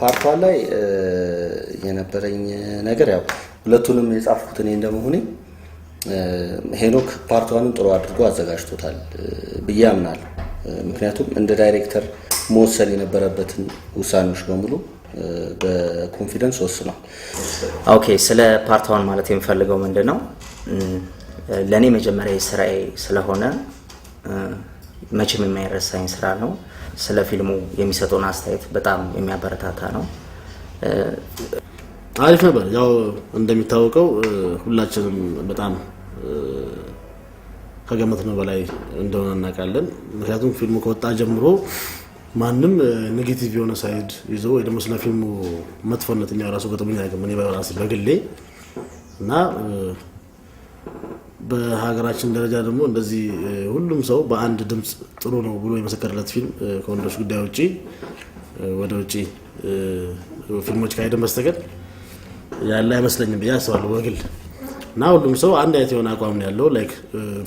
ፓርቷ ላይ የነበረኝ ነገር ያው ሁለቱንም የጻፍኩት እኔ እንደመሆኔ ሄኖክ ፓርቷንም ጥሩ አድርጎ አዘጋጅቶታል ብዬ አምናለሁ። ምክንያቱም እንደ ዳይሬክተር መወሰን የነበረበትን ውሳኔዎች በሙሉ በኮንፊደንስ ወስኗል። ኦኬ ስለ ፓርት ዋን ማለት የምፈልገው ምንድን ነው ለእኔ መጀመሪያ ስራዬ ስለሆነ መቼም የማይረሳኝ ስራ ነው። ስለ ፊልሙ የሚሰጠውን አስተያየት በጣም የሚያበረታታ ነው። አሪፍ ነበር። ያው እንደሚታወቀው ሁላችንም በጣም ከገመት ነው በላይ እንደሆነ እናውቃለን። ምክንያቱም ፊልሙ ከወጣ ጀምሮ ማንም ኔጌቲቭ የሆነ ሳይድ ይዞ ወይ ደግሞ ስለ ፊልሙ መጥፎነት እኛ ራሱ ገጥሞኝ አያውቅም። እኔ በራሴ በግሌ እና በሀገራችን ደረጃ ደግሞ እንደዚህ ሁሉም ሰው በአንድ ድምፅ ጥሩ ነው ብሎ የመሰከረለት ፊልም ከወንዶች ጉዳይ ውጭ ወደ ውጭ ፊልሞች ካሄድን በስተቀር ያለ አይመስለኝም ብዬ አስባለሁ በግል እና ሁሉም ሰው አንድ አይነት የሆነ አቋም ነው ያለው። ላይክ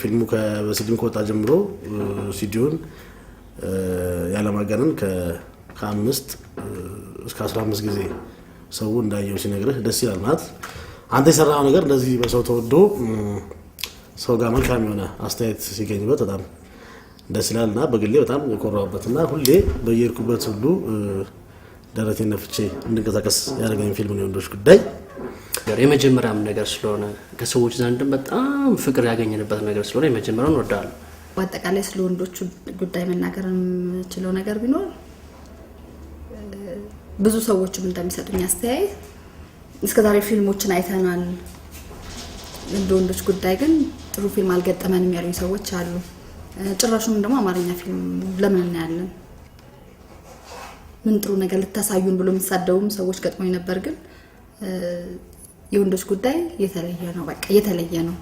ፊልሙ ከበስድም ከወጣ ጀምሮ ሲዲዮን ያለማጋነን ከአምስት እስከ አስራ አምስት ጊዜ ሰው እንዳየው ሲነግርህ ደስ ይላል። ማለት አንተ የሰራው ነገር እንደዚህ በሰው ተወዶ ሰው ጋር መልካም የሆነ አስተያየት ሲገኝበት በጣም ደስ ይላል እና በግሌ በጣም የኮራሁበት እና ሁሌ በየሄድኩበት ሁሉ ደረቴን ነፍቼ እንድንቀሳቀስ ያደረገኝ ፊልም ነው የወንዶች ጉዳይ። የመጀመሪያም ነገር ስለሆነ ከሰዎች ዘንድም በጣም ፍቅር ያገኘንበት ነገር ስለሆነ የመጀመሪያውን እወዳለሁ። በአጠቃላይ ስለ ወንዶቹ ጉዳይ መናገር የምችለው ነገር ቢኖር ብዙ ሰዎችም እንደሚሰጡኝ አስተያየት እስከዛሬ ፊልሞችን አይተናል፣ እንደ ወንዶች ጉዳይ ግን ጥሩ ፊልም አልገጠመንም ያሉኝ ሰዎች አሉ። ጭራሹንም ደግሞ አማርኛ ፊልም ለምን እናያለን? ምን ጥሩ ነገር ልታሳዩን ብሎ የሚሳደቡም ሰዎች ገጥሞኝ ነበር። ግን የወንዶች ጉዳይ የተለየ ነው፣ በቃ የተለየ ነው።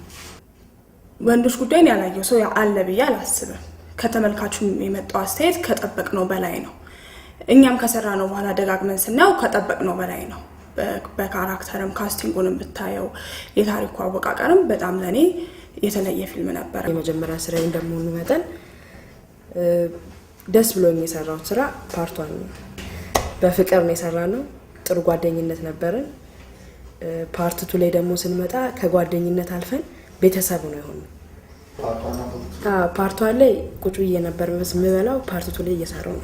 ወንዶች ጉዳይን ያላየው ሰው አለ ብዬ አላስብም። ከተመልካቹ የመጣው አስተያየት ከጠበቅነው በላይ ነው። እኛም ከሰራነው በኋላ ደጋግመን ስናየው ከጠበቅነው በላይ ነው። በካራክተርም ካስቲንጉንም ብታየው የታሪኩ አወቃቀርም በጣም ለእኔ የተለየ ፊልም ነበር። የመጀመሪያ ስራ እንደመሆኑ መጠን ደስ ብሎ የሰራሁት ስራ ፓርቷን ነው። በፍቅር ነው የሰራ ነው። ጥሩ ጓደኝነት ነበረን። ፓርትቱ ላይ ደግሞ ስንመጣ ከጓደኝነት አልፈን ቤተሰቡ ነው የሆነ ፓርቷ ላይ ቁጭ ብዬ ነበር የምበላው። ፓርቲቱ ላይ እየሰራው ነው።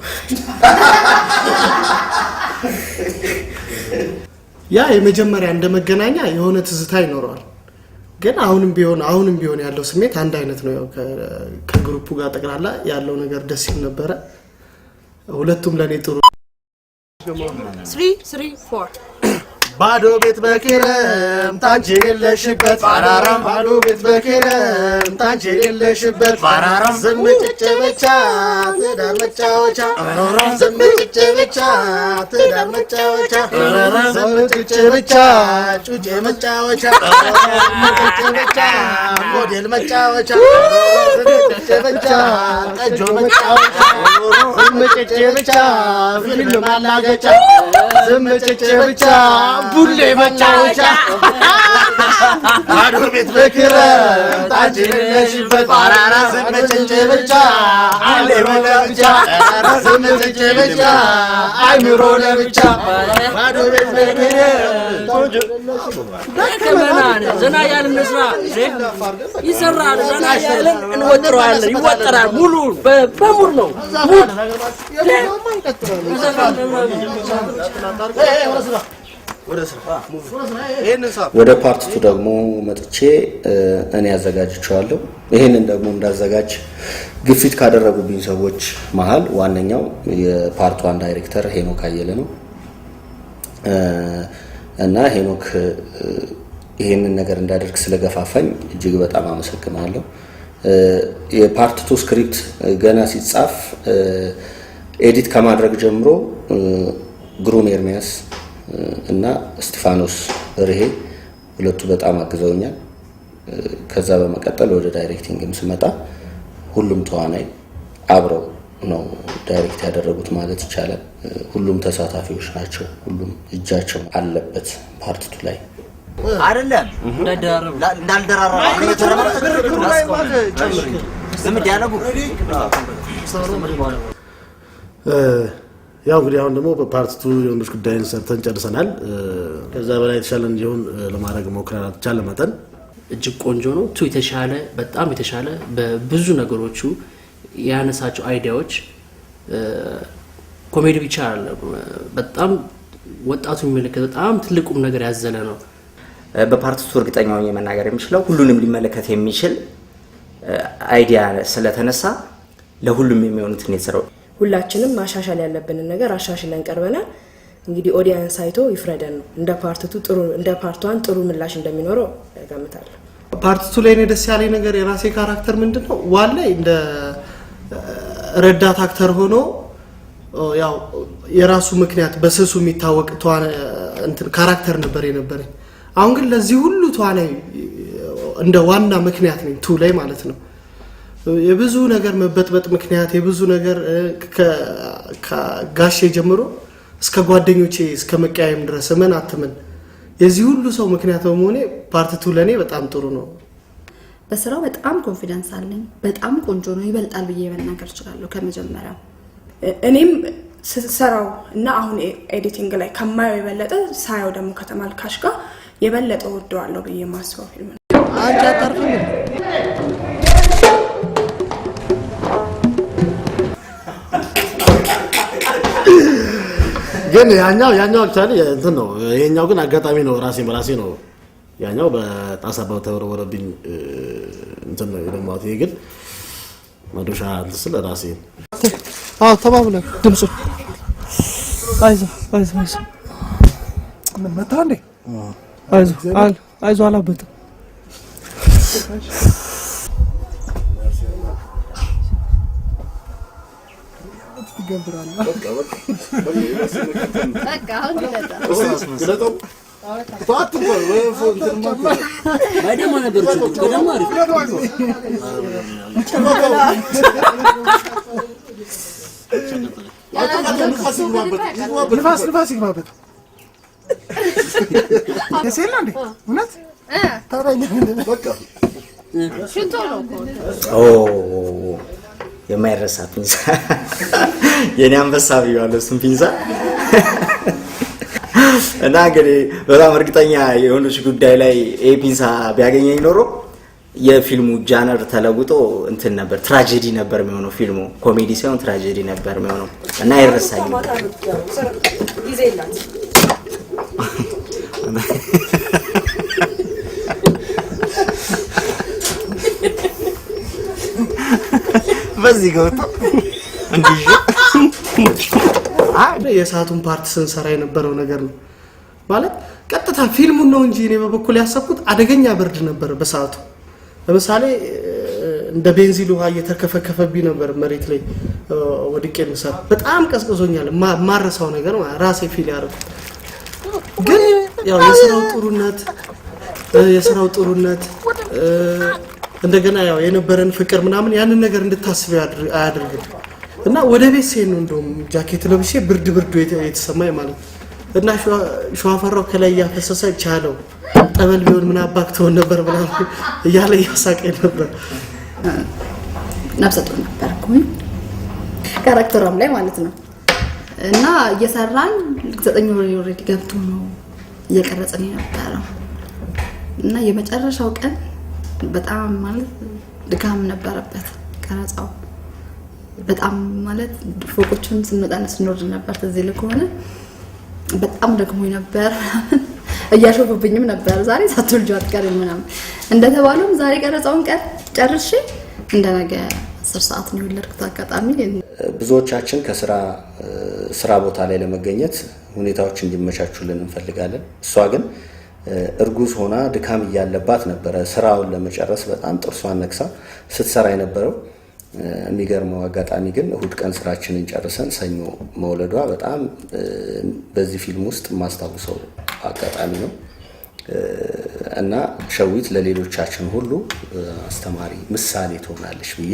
ያ የመጀመሪያ እንደ መገናኛ የሆነ ትዝታ ይኖረዋል። ግን አሁንም ቢሆን አሁንም ቢሆን ያለው ስሜት አንድ አይነት ነው። ከግሩፑ ጋር ጠቅላላ ያለው ነገር ደስ ይል ነበረ። ሁለቱም ለእኔ ጥሩ ባዶ ቤት በኪረም ታንቺ የለሽበት ፋራራም ባዶ ቤት በኪረም ታንቺ የለሽበት ባራራም ዝም ጭጭ ብቻ ትዳር መጫወቻ ዝም ጭጭ ብቻ ትዳር መጫወቻ ዝም ጭጭ ብቻ ጩጬ መጫወቻ ሞዴል መጫወቻ መጨበጫ ጠጆ መጫወቻ ዝምጭጭ ብቻ ፊልም ብቻ ቡሌ መጫወቻ አዶ ቤት ቤት በክረምት ዘና ያልን ስራ ይሰራል። ዘና ያልን እንወጥረዋል። እንዘፍናለን፣ ይወጠራል። ሙሉ በሙሉ ነው። ወደ ፓርቲቱ ደግሞ መጥቼ እኔ አዘጋጅቸዋለሁ። ይህንን ደግሞ እንዳዘጋጅ ግፊት ካደረጉብኝ ሰዎች መሀል ዋነኛው የፓርቱ ዋን ዳይሬክተር ሄኖክ አየለ ነው እና ሄኖክ ይህንን ነገር እንዳደርግ ስለገፋፋኝ እጅግ በጣም አመሰግናለሁ። ቱ ስክሪፕት ገና ሲጻፍ ኤዲት ከማድረግ ጀምሮ ግሩም ኤርሚያስ እና እስጢፋኖስ ርሄ ሁለቱ በጣም አግዘውኛል። ከዛ በመቀጠል ወደ ዳይሬክቲንግም ስመጣ ሁሉም ተዋናይ አብረው ነው ዳይሬክት ያደረጉት ማለት ይቻላል። ሁሉም ተሳታፊዎች ናቸው። ሁሉም እጃቸው አለበት ፓርትቱ ላይ። አይደለም እንዳልደራረበ ያው እንግዲህ አሁን ደግሞ በፓርቲቱ የወንዶች ጉዳይን ሰርተን ጨርሰናል። ከዛ በላይ የተሻለ እንዲሆን ለማድረግ መጠን እጅግ ቆንጆ ነው። ቱ የተሻለ በጣም የተሻለ በብዙ ነገሮቹ ያነሳቸው አይዲያዎች ኮሜዲ ብቻ አለ። በጣም ወጣቱ የሚመለከት በጣም ትልቁም ነገር ያዘለ ነው። ቱ እርግጠኛ ሆኜ መናገር የሚችለው ሁሉንም ሊመለከት የሚችል አይዲያ ስለተነሳ ለሁሉም የሚሆኑትን የዘረው ሁላችንም ማሻሻል ያለብንን ነገር አሻሽለን ቀርበናል። እንግዲህ ኦዲያንስ አይቶ ይፍረደን ነው። እንደ ፓርቲቱ ጥሩ እንደ ፓርቷን ጥሩ ምላሽ እንደሚኖረው ገምታለሁ። ፓርቲቱ ላይ እኔ ደስ ያለኝ ነገር የራሴ ካራክተር ምንድን ነው ዋል ላይ እንደ ረዳት አክተር ሆኖ ያው የራሱ ምክንያት በስሱ የሚታወቅ ካራክተር ነበር የነበረኝ አሁን ግን ለዚህ ሁሉ ተዋናይ እንደ ዋና ምክንያት ነኝ ቱ ላይ ማለት ነው የብዙ ነገር መበጥበጥ ምክንያት የብዙ ነገር ከጋሼ ጀምሮ እስከ ጓደኞቼ እስከ መቀያየም ድረስ እመን አትምን የዚህ ሁሉ ሰው ምክንያት በመሆኔ ፓርት ቱ ለእኔ በጣም ጥሩ ነው። በስራው በጣም ኮንፊደንስ አለኝ። በጣም ቆንጆ ነው። ይበልጣል ብዬ መናገር እችላለሁ ከመጀመሪያው። እኔም ስሰራው እና አሁን ኤዲቲንግ ላይ ከማየው የበለጠ ሳየው ደግሞ ከተማልካሽ ጋር የበለጠ ወደዋለሁ ብዬ የማስበው ፊልም ነው። ግን ያኛው ያኛው አክቹዋሊ እንትን ነው። ይሄኛው ግን አጋጣሚ ነው። ራሴ በራሴ ነው። ያኛው በጣሳ ተወረወረብኝ እንትን ነው የደማሁት። ይሄ ግን መዶሻ እንትን ስለ ራሴ አዎ፣ ተባብለን ድምፁ አይዞ አይዞ አይዞ ምን መታ እንዴ? አይዞ አላበጥም። ንፋስ ንፋስ ይግባበት የማይረሳ ፒንዛ የኔ አንበሳ ብየዋለሁ። እሱን ፒንዛ እና እንግዲህ በጣም እርግጠኛ የሆነች ጉዳይ ላይ ይህ ፒንሳ ቢያገኘኝ ኖሮ የፊልሙ ጃነር ተለውጦ እንትን ነበር፣ ትራጀዲ ነበር የሚሆነው። ፊልሙ ኮሜዲ ሳይሆን ትራጀዲ ነበር የሚሆነው እና አይረሳኝም። በዚህ ገብቶ የሰዓቱን ፓርት ስንሰራ የነበረው ነገር ነው ማለት ቀጥታ ፊልሙን ነው እንጂ እኔ በበኩል ያሰብኩት አደገኛ ብርድ ነበር በሰዓቱ። ለምሳሌ እንደ ቤንዚል ውሃ እየተከፈከፈብኝ ነበር መሬት ላይ ወድቄ ምሰራ። በጣም ቀዝቅዞኛል። ማረሳው ነገር ራሴ ፊል ያደረኩት ግን ያው የስራው ጥሩነት የስራው ጥሩነት እንደገና ያው የነበረን ፍቅር ምናምን ያንን ነገር እንድታስብ አያደርግም እና ወደ ቤት ሲሄድ ነው እንደውም ጃኬት ለብሼ ብርድ ብርዱ የተሰማኝ ማለት እና ሸዋፈራው ከላይ እያፈሰሰ ቻለው ጠበል ቢሆን ምን አባክ ትሆን ነበር ምናምን እያለ እያሳቀ ነበር። ነፍሰጡር ነበር ካራክተሯም ላይ ማለት ነው። እና እየሰራን ዘጠኝ ወር ኦልሬዲ ገብቶ ነው እየቀረጽን የነበረው እና የመጨረሻው ቀን በጣም ማለት ድካም ነበረበት ቀረጻው። በጣም ማለት ፎቆቹን ስንወጣና ስንወርድ ነበር። ተዚህ ይልህ ከሆነ በጣም ደግሞ ነበር እያሾፉብኝም ነበር። ዛሬ ሳትወልጂው አትቀሪም ምናምን እንደተባለውም ዛሬ ቀረጻውን ቀር ጨርሼ እንደነገ አስር ሰዓት ነው የወለድኩት። አጋጣሚ ብዙዎቻችን ከስራ ስራ ቦታ ላይ ለመገኘት ሁኔታዎች እንዲመቻቹልን እንፈልጋለን። እሷ ግን እርጉዝ ሆና ድካም እያለባት ነበረ ስራውን ለመጨረስ በጣም ጥርሷን ነክሳ ስትሰራ የነበረው። የሚገርመው አጋጣሚ ግን እሁድ ቀን ስራችንን ጨርሰን ሰኞ መውለዷ በጣም በዚህ ፊልም ውስጥ የማስታውሰው አጋጣሚ ነው እና ሸዊት ለሌሎቻችን ሁሉ አስተማሪ ምሳሌ ትሆናለች ብዬ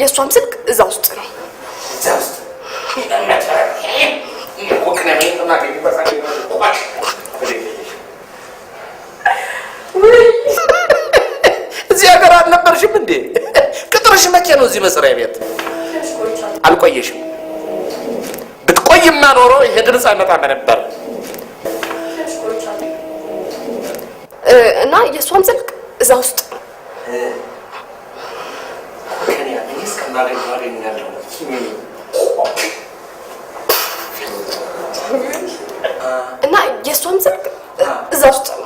የእሷም ስልክ እዛ ውስጥ ነው። እዚህ ሀገር አልነበርሽም እንዴ? ቅጥርሽ መቼ ነው? እዚህ መስሪያ ቤት አልቆየሽም። ብትቆይማ ኖሮ ይሄ ድምፅ አይመጣም ነበር። እና የእሷም ስልክ እዛ ውስጥ እና የእሷም ጽድቅ እዛ ውስጥ ነው።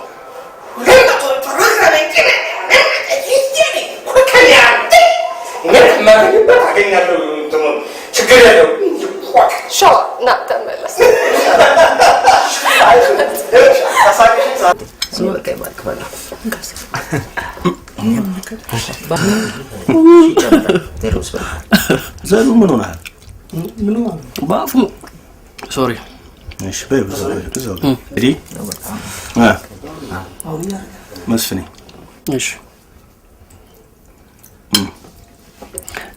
ዘሉ ምን ሆናል? በአፉ ሶሪ። እሺ በይ ብዙ እንግዲህ መስፍኔ፣ እሺ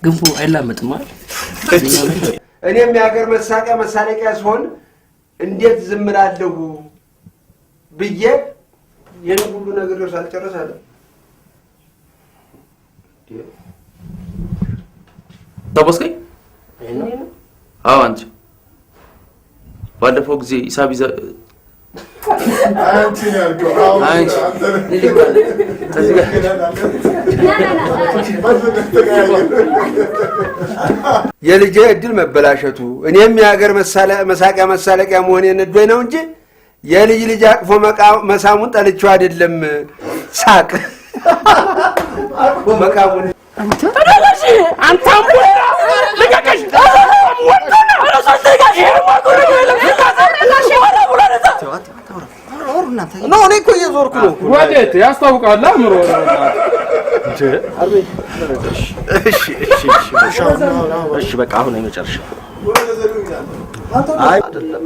ግንቡ አይላመጥም አይደል? እኔም የሀገር መሳቂያ መሳለቂያ ሲሆን እንዴት ዝም እላለሁ ብዬ ይህን ሁሉ ነገር ሳልጨርስ አለ ታወስከኝ? አዎ አንቺ ባለፈው ጊዜ ሂሳብ ይዘ የልጄ እድል መበላሸቱ እኔም የሀገር መሳቂያ መሳለቂያ መሆን ነዶኝ ነው እንጂ የልጅ ልጅ አቅፎ መሳሙን ጠልቼው አይደለም። ሳቅ መቃሙን እኔ እኮ ወዴት ያስታውቃል። ምሮ እሺ በቃ አሁን የመጨረሻ አይደለም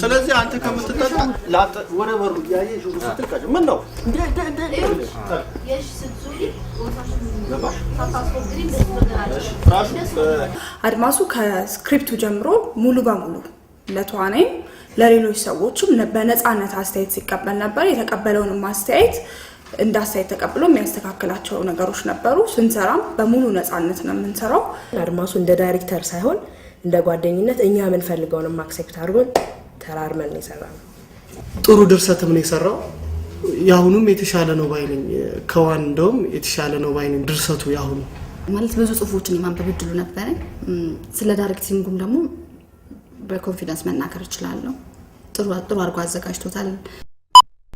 ስለዚህ አንተ ከምትጠጣ ወደ በሩ እያየ ምን ነው አድማሱ ከስክሪፕቱ ጀምሮ ሙሉ በሙሉ ለተዋናይም ለሌሎች ሰዎችም በነፃነት አስተያየት ሲቀበል ነበር። የተቀበለውንም አስተያየት እንደ ተቀብሎ የሚያስተካክላቸው ነገሮች ነበሩ። ስንሰራም በሙሉ ነፃነት ነው የምንሰራው። አድማሱ እንደ ዳይሬክተር ሳይሆን እንደ ጓደኝነት እኛ የምንፈልገውንም አክሴፕት አድርጎን ተራርመን የሰራ ነው። ጥሩ ድርሰትም ነው የሰራው። የአሁኑም የተሻለ ነው ባይነኝ ከዋን እንደውም የተሻለ ነው ባይነኝ ድርሰቱ የአሁኑ ማለት ብዙ ጽሁፎችን የማንበብ እድሉ ነበረኝ። ስለ ዳይሬክቲንጉም ደግሞ በኮንፊደንስ መናገር እችላለሁ። ጥሩ አድርጎ አዘጋጅቶታል።